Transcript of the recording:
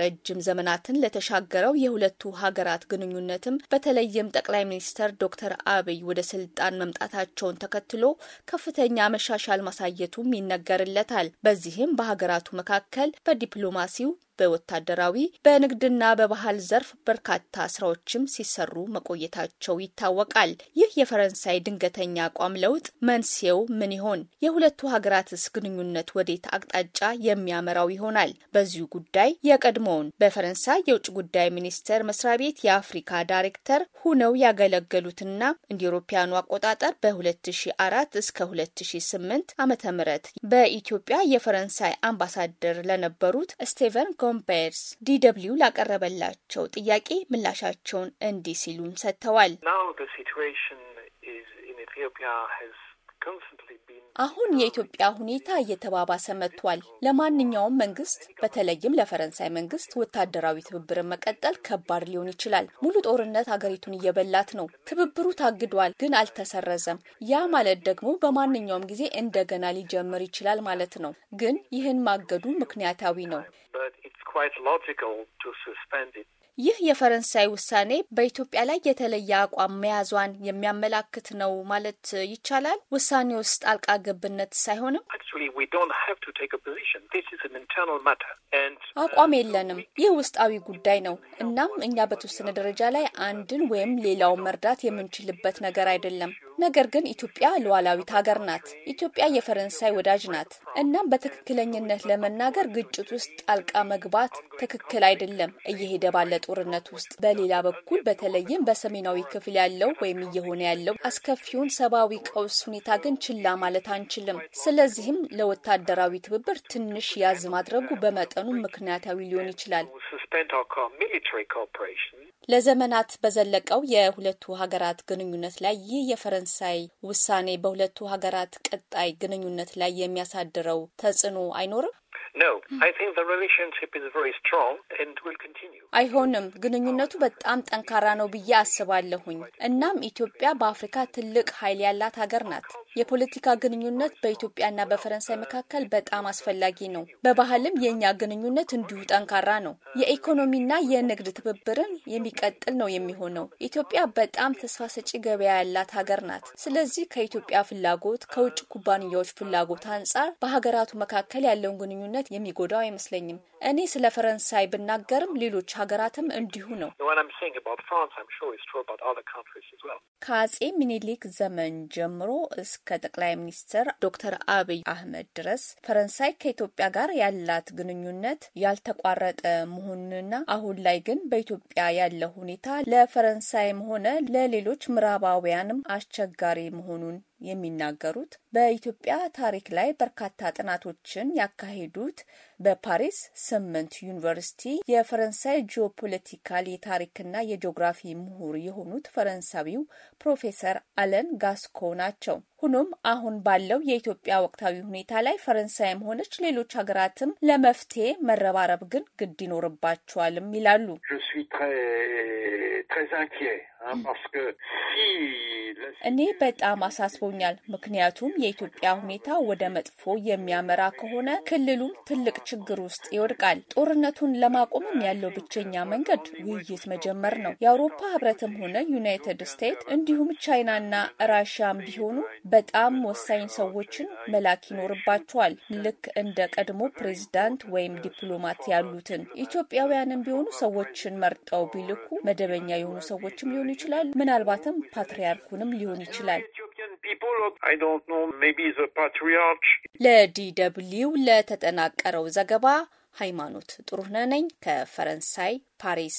ረጅም ዘመናትን ለተሻገረው የሁለቱ ሀገራት ግንኙነትም በተለይም ጠቅላይ ሚኒስተር ዶክተር አብይ ወደ ስልጣን መምጣታቸውን ተከትሎ ከፍተኛ መሻሻል ማሳየቱም ይነገርለታል። በዚህም በሀገራቱ መካከል በዲፕሎማሲው በወታደራዊ በንግድና በባህል ዘርፍ በርካታ ስራዎችም ሲሰሩ መቆየታቸው ይታወቃል። ይህ የፈረንሳይ ድንገተኛ አቋም ለውጥ መንስኤው ምን ይሆን? የሁለቱ ሀገራትስ ግንኙነት ወዴት አቅጣጫ የሚያመራው ይሆናል? በዚሁ ጉዳይ የቀድሞውን በፈረንሳይ የውጭ ጉዳይ ሚኒስቴር መስሪያ ቤት የአፍሪካ ዳይሬክተር ሁነው ያገለገሉትና እንደ አውሮፓውያኑ አቆጣጠር በ2004 እስከ 2008 ዓ.ም በኢትዮጵያ የፈረንሳይ አምባሳደር ለነበሩት ስቴቨን ዶምቤርስ ዲደብሊው ላቀረበላቸው ጥያቄ ምላሻቸውን እንዲህ ሲሉም ሰጥተዋል። አሁን የኢትዮጵያ ሁኔታ እየተባባሰ መጥቷል። ለማንኛውም መንግስት በተለይም ለፈረንሳይ መንግስት ወታደራዊ ትብብርን መቀጠል ከባድ ሊሆን ይችላል። ሙሉ ጦርነት አገሪቱን እየበላት ነው። ትብብሩ ታግዷል፣ ግን አልተሰረዘም። ያ ማለት ደግሞ በማንኛውም ጊዜ እንደገና ሊጀምር ይችላል ማለት ነው። ግን ይህን ማገዱ ምክንያታዊ ነው። ይህ የፈረንሳይ ውሳኔ በኢትዮጵያ ላይ የተለየ አቋም መያዟን የሚያመላክት ነው ማለት ይቻላል። ውሳኔ ውስጥ ጣልቃ ገብነት ሳይሆንም uh, አቋም የለንም። ይህ ውስጣዊ ጉዳይ ነው። እናም እኛ በተወሰነ ደረጃ ላይ አንድን ወይም ሌላውን መርዳት የምንችልበት ነገር አይደለም። ነገር ግን ኢትዮጵያ ሉዓላዊት ሀገር ናት። ኢትዮጵያ የፈረንሳይ ወዳጅ ናት። እናም በትክክለኝነት ለመናገር ግጭት ውስጥ ጣልቃ መግባት ትክክል አይደለም። እየሄደ ባለ ጦርነት ውስጥ በሌላ በኩል በተለይም በሰሜናዊ ክፍል ያለው ወይም እየሆነ ያለው አስከፊውን ሰብአዊ ቀውስ ሁኔታ ግን ችላ ማለት አንችልም። ስለዚህም ለወታደራዊ ትብብር ትንሽ ያዝ ማድረጉ በመጠኑ ምክንያታዊ ሊሆን ይችላል። ለዘመናት በዘለቀው የሁለቱ ሀገራት ግንኙነት ላይ ይህ የፈረንሳይ ውሳኔ በሁለቱ ሀገራት ቀጣይ ግንኙነት ላይ የሚያሳድረው ተጽዕኖ አይኖርም? Hmm. አይሆንም። ግንኙነቱ በጣም ጠንካራ ነው ብዬ አስባለሁኝ። እናም ኢትዮጵያ በአፍሪካ ትልቅ ኃይል ያላት ሀገር ናት። የፖለቲካ ግንኙነት በኢትዮጵያና በፈረንሳይ መካከል በጣም አስፈላጊ ነው። በባህልም የእኛ ግንኙነት እንዲሁ ጠንካራ ነው። የኢኮኖሚና የንግድ ትብብርን የሚቀጥል ነው የሚሆነው። ኢትዮጵያ በጣም ተስፋ ሰጪ ገበያ ያላት ሀገር ናት። ስለዚህ ከኢትዮጵያ ፍላጎት ከውጭ ኩባንያዎች ፍላጎት አንጻር በሀገራቱ መካከል ያለውን ግንኙነት ግንኙነት የሚጎዳው አይመስለኝም። እኔ ስለ ፈረንሳይ ብናገርም ሌሎች ሀገራትም እንዲሁ ነው። ከአጼ ሚኒሊክ ዘመን ጀምሮ እስከ ጠቅላይ ሚኒስትር ዶክተር አብይ አህመድ ድረስ ፈረንሳይ ከኢትዮጵያ ጋር ያላት ግንኙነት ያልተቋረጠ መሆኑንና አሁን ላይ ግን በኢትዮጵያ ያለው ሁኔታ ለፈረንሳይም ሆነ ለሌሎች ምዕራባውያንም አስቸጋሪ መሆኑን የሚናገሩት በኢትዮጵያ ታሪክ ላይ በርካታ ጥናቶችን ያካሄዱት በፓሪስ ስምንት ዩኒቨርሲቲ የፈረንሳይ ጂኦፖለቲካል የታሪክና የጂኦግራፊ ምሁር የሆኑት ፈረንሳዊው ፕሮፌሰር አለን ጋስኮ ናቸው። ሆኖም አሁን ባለው የኢትዮጵያ ወቅታዊ ሁኔታ ላይ ፈረንሳይም ሆነች ሌሎች ሀገራትም ለመፍትሄ መረባረብ ግን ግድ ይኖርባቸዋልም ይላሉ። mm. እኔ በጣም አሳስቦኛል። ምክንያቱም የኢትዮጵያ ሁኔታ ወደ መጥፎ የሚያመራ ከሆነ ክልሉም ትልቅ ችግር ውስጥ ይወድቃል። ጦርነቱን ለማቆምም ያለው ብቸኛ መንገድ ውይይት መጀመር ነው። የአውሮፓ ህብረትም ሆነ ዩናይትድ ስቴትስ እንዲሁም ቻይናና ራሽያም ቢሆኑ በጣም ወሳኝ ሰዎችን መላክ ይኖርባቸዋል። ልክ እንደ ቀድሞ ፕሬዚዳንት ወይም ዲፕሎማት ያሉትን ኢትዮጵያውያንም ቢሆኑ ሰዎችን መርጠው ቢልኩ መደበኛ የሆኑ ሰዎችም ሊሆኑ ይችላል። ምናልባትም ፓትርያርኩንም ሊሆን ይችላል። ለዲደብሊው ለተጠናቀረው ዘገባ ሃይማኖት ጥሩነህ ነኝ ከፈረንሳይ ፓሪስ።